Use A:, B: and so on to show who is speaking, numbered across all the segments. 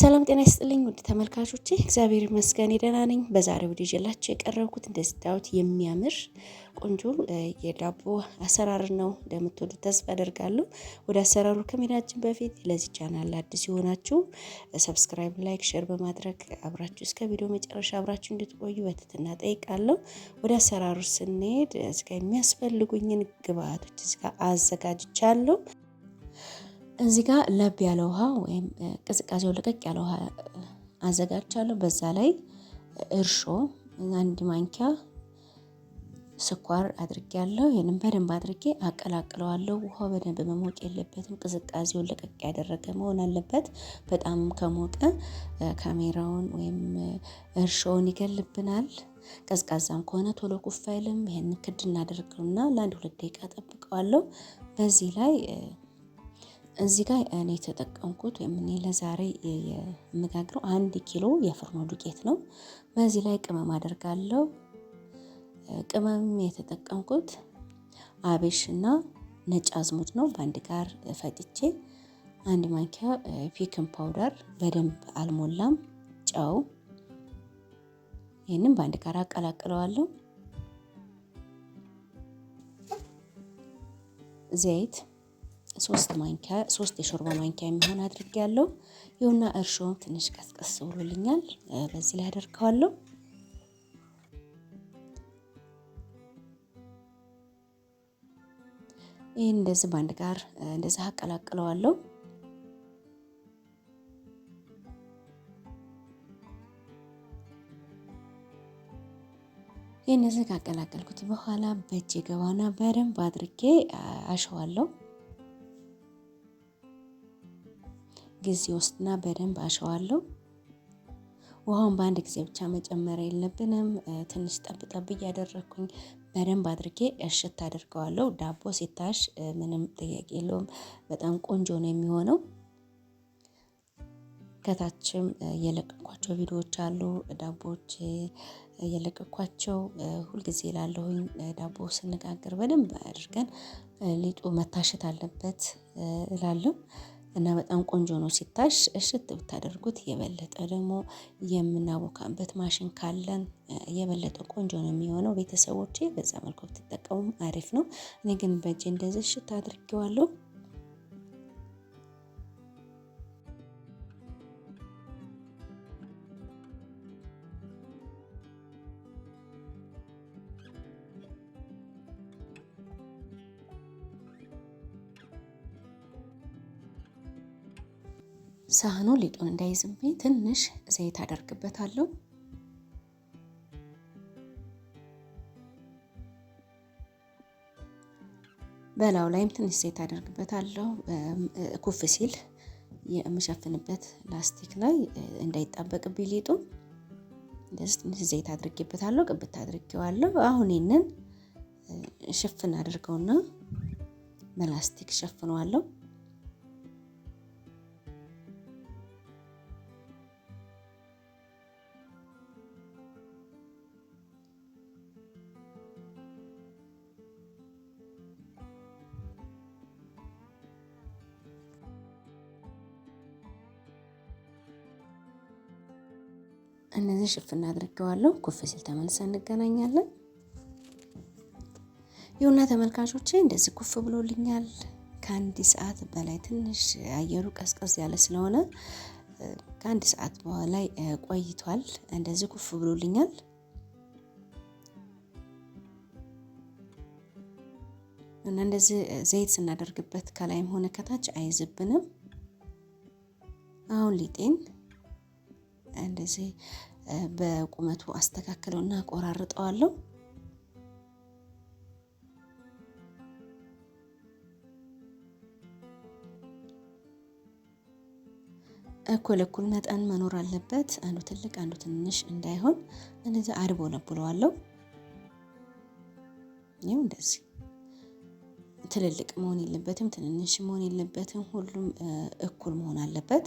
A: ሰላም ጤና ይስጥልኝ ውድ ተመልካቾቼ፣ እግዚአብሔር ይመስገን ደህና ነኝ። በዛሬው ቪዲዮ ይዤላችሁ የቀረብኩት እንደስታውት የሚያምር ቆንጆ የዳቦ አሰራር ነው። እንደምትወዱት ተስፋ አደርጋለሁ። ወደ አሰራሩ ከመሄዳችን በፊት ለዚህ ቻናል አዲስ የሆናችሁ ሰብስክራይብ፣ ላይክ፣ ሼር በማድረግ አብራችሁ እስከ ቪዲዮ መጨረሻ አብራችሁ እንድትቆዩ በትህትና ጠይቃለሁ። ወደ አሰራሩ ስንሄድ እስከ የሚያስፈልጉኝን ግብአቶች እስከ አዘጋጅቻለሁ እዚህ ጋር ለብ ያለ ውሃ ወይም ቅዝቃዜው ልቀቅ ያለ ውሃ አዘጋጃለሁ። በዛ ላይ እርሾ አንድ ማንኪያ ስኳር አድርጌ ያለው ይህንም በደንብ አድርጌ አቀላቅለዋለሁ። ውሃው በደንብ መሞቅ የለበትም። ቅዝቃዜውን ለቀቅ ያደረገ መሆን አለበት። በጣምም ከሞቀ ካሜራውን ወይም እርሾውን ይገልብናል። ቀዝቃዛም ከሆነ ቶሎ ኩፍ አይልም። ይህን ክድ እናደርገውና ለአንድ ሁለት ደቂቃ ጠብቀዋለሁ። በዚህ ላይ እዚህ ጋር እኔ የተጠቀምኩት ወይም እኔ ለዛሬ የምጋግረው አንድ ኪሎ የፍርኖ ዱቄት ነው። በዚህ ላይ ቅመም አደርጋለሁ። ቅመም የተጠቀምኩት አቤሽ እና ነጭ አዝሙድ ነው። በአንድ ጋር ፈጭቼ አንድ ማንኪያ ፒክን ፓውደር በደንብ አልሞላም። ጨው ይህንም በአንድ ጋር አቀላቅለዋለሁ። ዘይት ሶስት ማንኪያ ሶስት የሾርባ ማንኪያ የሚሆን አድርጌ ያለው ይሁና። እርሾም ትንሽ ቀስቀስ ብሎልኛል። በዚህ ላይ አደርገዋለሁ። ይህን እንደዚህ በአንድ ጋር እንደዚህ አቀላቅለዋለሁ። ይህን እዚህ ካቀላቀልኩት በኋላ በእጅ ገባና በደንብ አድርጌ አሸዋለሁ። ጊዜ ውስጥና በደንብ አሸዋለሁ። ውሃውን በአንድ ጊዜ ብቻ መጨመር የለብንም። ትንሽ ጠብጠብ እያደረግኩኝ በደንብ አድርጌ እሽት አድርገዋለሁ። ዳቦ ሲታሽ ምንም ጥያቄ የለውም፣ በጣም ቆንጆ ነው የሚሆነው። ከታችም የለቀኳቸው ቪዲዮዎች አሉ፣ ዳቦዎች የለቀኳቸው። ሁልጊዜ ላለሁኝ ዳቦ ስንጋግር በደንብ አድርገን ሊጡ መታሸት አለበት እላለሁ። እና በጣም ቆንጆ ነው ሲታሽ እሽት ብታደርጉት የበለጠ ደግሞ የምናቦካበት ማሽን ካለን የበለጠ ቆንጆ ነው የሚሆነው። ቤተሰቦቼ በዛ መልኩ ብትጠቀሙም አሪፍ ነው። እኔ ግን በእጅ እንደዚህ እሽት አድርጌዋለሁ። ሳህኑ ሊጡን እንዳይዝብኝ ትንሽ ዘይት አደርግበታለሁ። በላው ላይም ትንሽ ዘይት አደርግበታለሁ። ኩፍ ሲል የምሸፍንበት ላስቲክ ላይ እንዳይጣበቅብኝ ሊጡ እንደዚህ ትንሽ ዘይት አድርጌበታለሁ። ቅብት አድርጌዋለሁ። አሁን ይህንን ሽፍን አድርገውና በላስቲክ ሸፍነዋለሁ። እነዚህ ሽፍን አድርገዋለሁ። ኩፍ ሲል ተመልሰን እንገናኛለን። ይሁና ተመልካቾቼ፣ እንደዚህ ኩፍ ብሎልኛል። ከአንድ ሰዓት በላይ ትንሽ አየሩ ቀዝቀዝ ያለ ስለሆነ ከአንድ ሰዓት በኋላ ቆይቷል። እንደዚህ ኩፍ ብሎልኛል። እና እንደዚህ ዘይት ስናደርግበት ከላይም ሆነ ከታች አይዝብንም። አሁን ሊጤን እንደዚህ በቁመቱ አስተካክለው እና ቆራርጠዋለሁ። እኩል እኩል መጠን መኖር አለበት። አንዱ ትልቅ አንዱ ትንሽ እንዳይሆን እንደዚህ አድቦ ለብለዋለሁ። ይኸው እንደዚህ ትልልቅ መሆን የለበትም፣ ትንንሽ መሆን የለበትም። ሁሉም እኩል መሆን አለበት።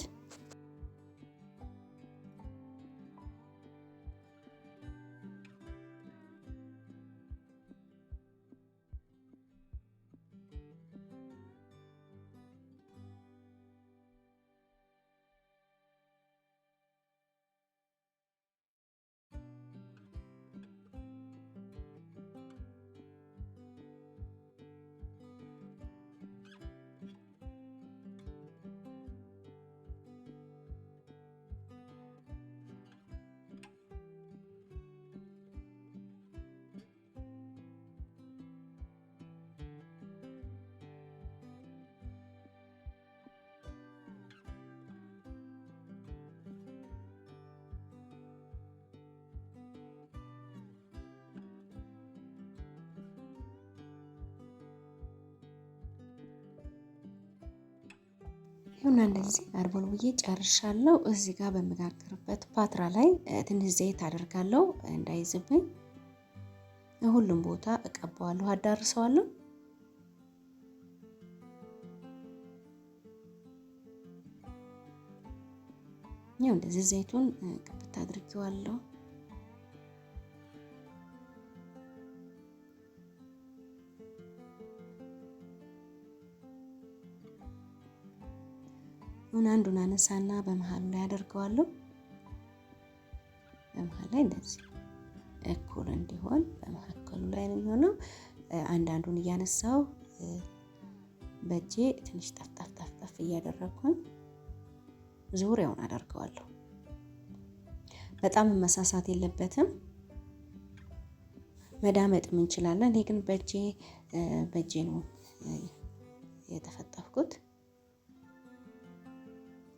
A: ይሁን እንደዚህ አርቦል ብዬ ጨርሻለሁ። እዚህ ጋር በምጋግርበት ፓትራ ላይ ትንሽ ዘይት አደርጋለሁ እንዳይዝብኝ። ሁሉም ቦታ እቀባዋለሁ፣ አዳርሰዋለሁ። ያው እንደዚህ ዘይቱን ቅብት አድርጌዋለሁ። አንዱን አነሳና በመሀል ላይ አደርገዋለሁ። በመሀል ላይ እንደዚህ እኩል እንዲሆን በመካከሉ ላይ ነው የሚሆነው። አንዳንዱን እያነሳው በእጄ ትንሽ ጠፍጣፍ ጠፍጣፍ እያደረግኩኝ ዙሪያውን አደርገዋለሁ። በጣም መሳሳት የለበትም። መዳመጥም እንችላለን። እኔ ግን በእጄ በእጄ ነው የተፈጠፍኩት።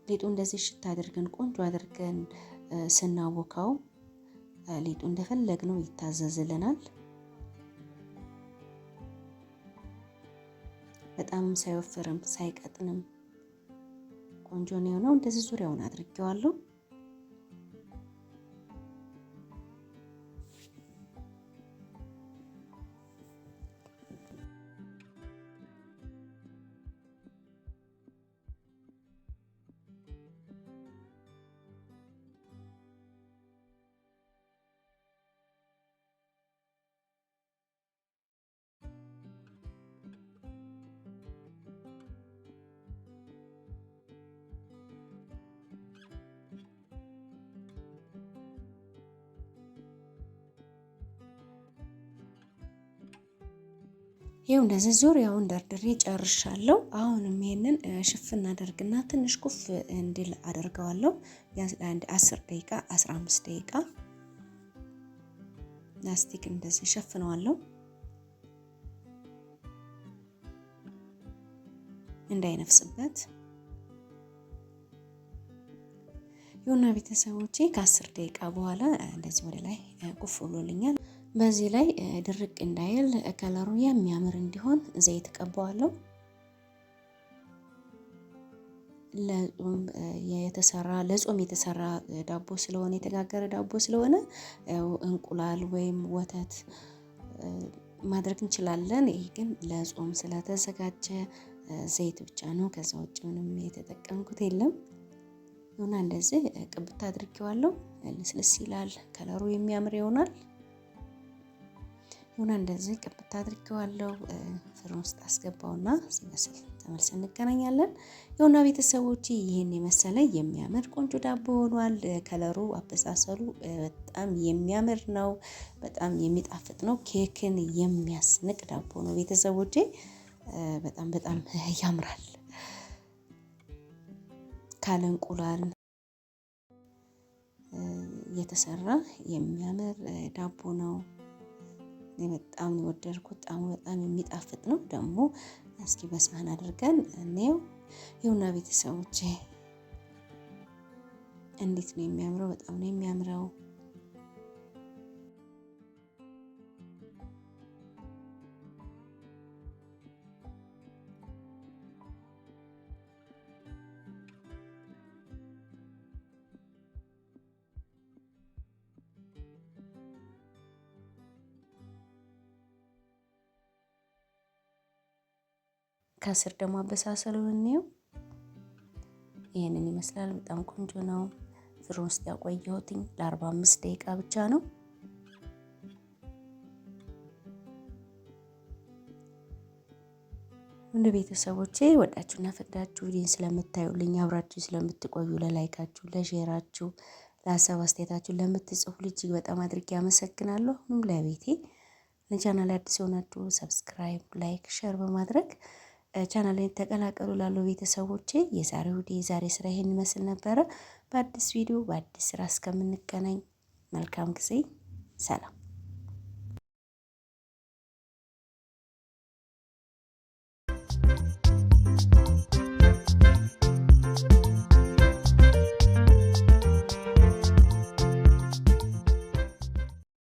A: ሊጡ እንደዚህ ሽታ አድርገን ቆንጆ አድርገን ስናቦካው ሊጡ እንደፈለግነው ይታዘዝልናል። በጣምም ሳይወፍርም ሳይቀጥንም ቆንጆ ነው የሆነው። እንደዚህ ዙሪያውን አድርጌዋለሁ። ይኸው እንደዚህ ዙሪያውን ደርድሬ ጨርሻለሁ። አሁንም ይሄንን ሽፍን አደርግና ትንሽ ቁፍ እንዲል አደርገዋለሁ። አንድ 10 ደቂቃ 15 ደቂቃ ላስቲክ እንደዚህ ሸፍነዋለሁ። እንዳይነፍስበት ይሁና ቤተሰቦቼ፣ ከአስር ደቂቃ በኋላ እንደዚህ ወደ ላይ ቁፍ ብሎልኛል። በዚህ ላይ ድርቅ እንዳይል ከለሩ የሚያምር እንዲሆን ዘይት ቀባዋለሁ። ለጾም የተሰራ ለጾም የተሰራ ዳቦ ስለሆነ የተጋገረ ዳቦ ስለሆነ እንቁላል ወይም ወተት ማድረግ እንችላለን። ይሄ ግን ለጾም ስለተዘጋጀ ዘይት ብቻ ነው። ከዛ ውጭ ምንም የተጠቀምኩት የለም እና እንደዚህ ቅብታ አድርጌዋለሁ። ልስልስ ይላል፣ ከለሩ የሚያምር ይሆናል። ሆነ እንደዚህ ቅብት አድርጌዋለሁ። ፍርን ውስጥ አስገባውና ሲመስል ተመልሰ እንገናኛለን። የሆና ቤተሰቦች ይህን የመሰለ የሚያምር ቆንጆ ዳቦ ሆኗል። ከለሩ አበሳሰሉ በጣም የሚያምር ነው። በጣም የሚጣፍጥ ነው። ኬክን የሚያስንቅ ዳቦ ነው ቤተሰቦቼ። በጣም በጣም ያምራል። ካለ እንቁላል የተሰራ የሚያምር ዳቦ ነው። በጣም ነው የወደድኩት። ጣሙ በጣም የሚጣፍጥ ነው። ደግሞ እስኪ በስማን አድርገን እኔው ይሁና ቤተሰቦቼ እንዴት ነው የሚያምረው! በጣም ነው የሚያምረው። ከስር ደግሞ አበሳሰሉን እንየው። ይህንን ይመስላል። በጣም ቆንጆ ነው። ፍሩን ውስጥ ያቆየሁትኝ ለ45 ደቂቃ ብቻ ነው። ወንድ ቤተሰቦቼ ወዳችሁና ፈቅዳችሁ ቪዲዮን ስለምታዩልኝ አብራችሁ ስለምትቆዩ ለላይካችሁ፣ ለሼራችሁ፣ ለሀሳብ አስተያየታችሁ ለምትጽፉ እጅግ በጣም አድርጌ አመሰግናለሁ። አሁንም ለቤቴ ለቻናል አዲስ የሆናችሁ ሰብስክራይብ፣ ላይክ፣ ሸር በማድረግ ቻናሌን ተቀላቀሉ ላሉ ቤተሰቦቼ የዛሬው የዛሬ ስራ ይሄን ይመስል ነበረ። በአዲስ ቪዲዮ በአዲስ ስራ እስከምንገናኝ መልካም ጊዜ፣ ሰላም።